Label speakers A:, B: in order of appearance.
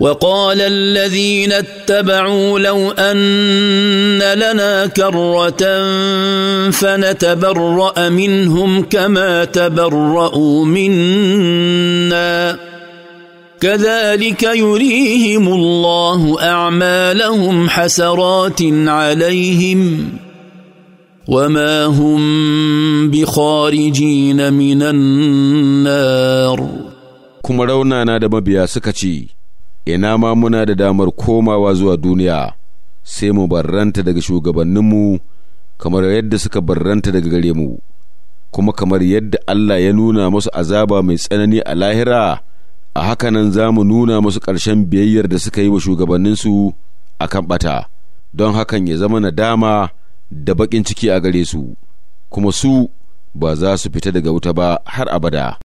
A: وقال الذين اتبعوا لو ان لنا كره فنتبرا منهم كما تبراوا منا كذلك يريهم الله اعمالهم حسرات عليهم وما هم بخارجين من
B: النار كما نادم بيا سكتي ina ma muna da damar komawa zuwa duniya sai mu barranta daga shugabanninmu kamar yadda suka barranta daga gare mu kuma kamar yadda Allah ya nuna musu azaba mai tsanani a lahira a hakanan za mu nuna musu ƙarshen biyayyar da suka yi wa shugabanninsu a kan ɓata don hakan ya zama nadama da baƙin ciki a gare su kuma su ba za su fita daga wuta ba
C: har abada